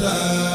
la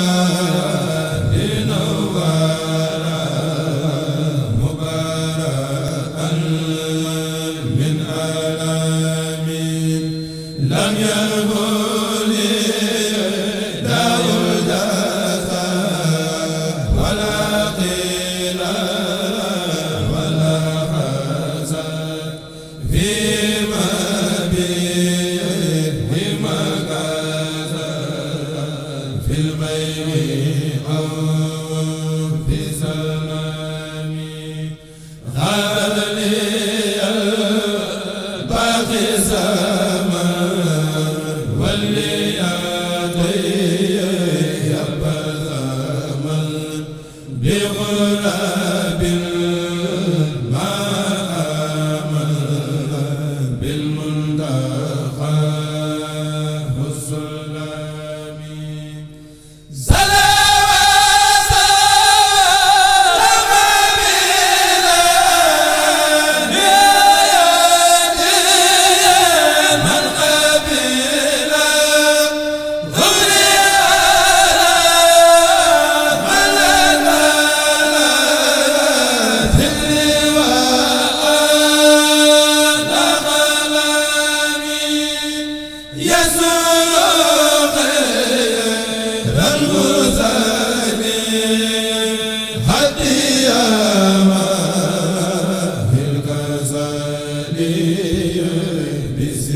a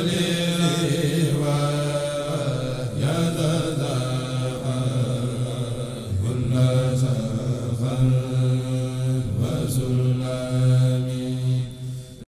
salli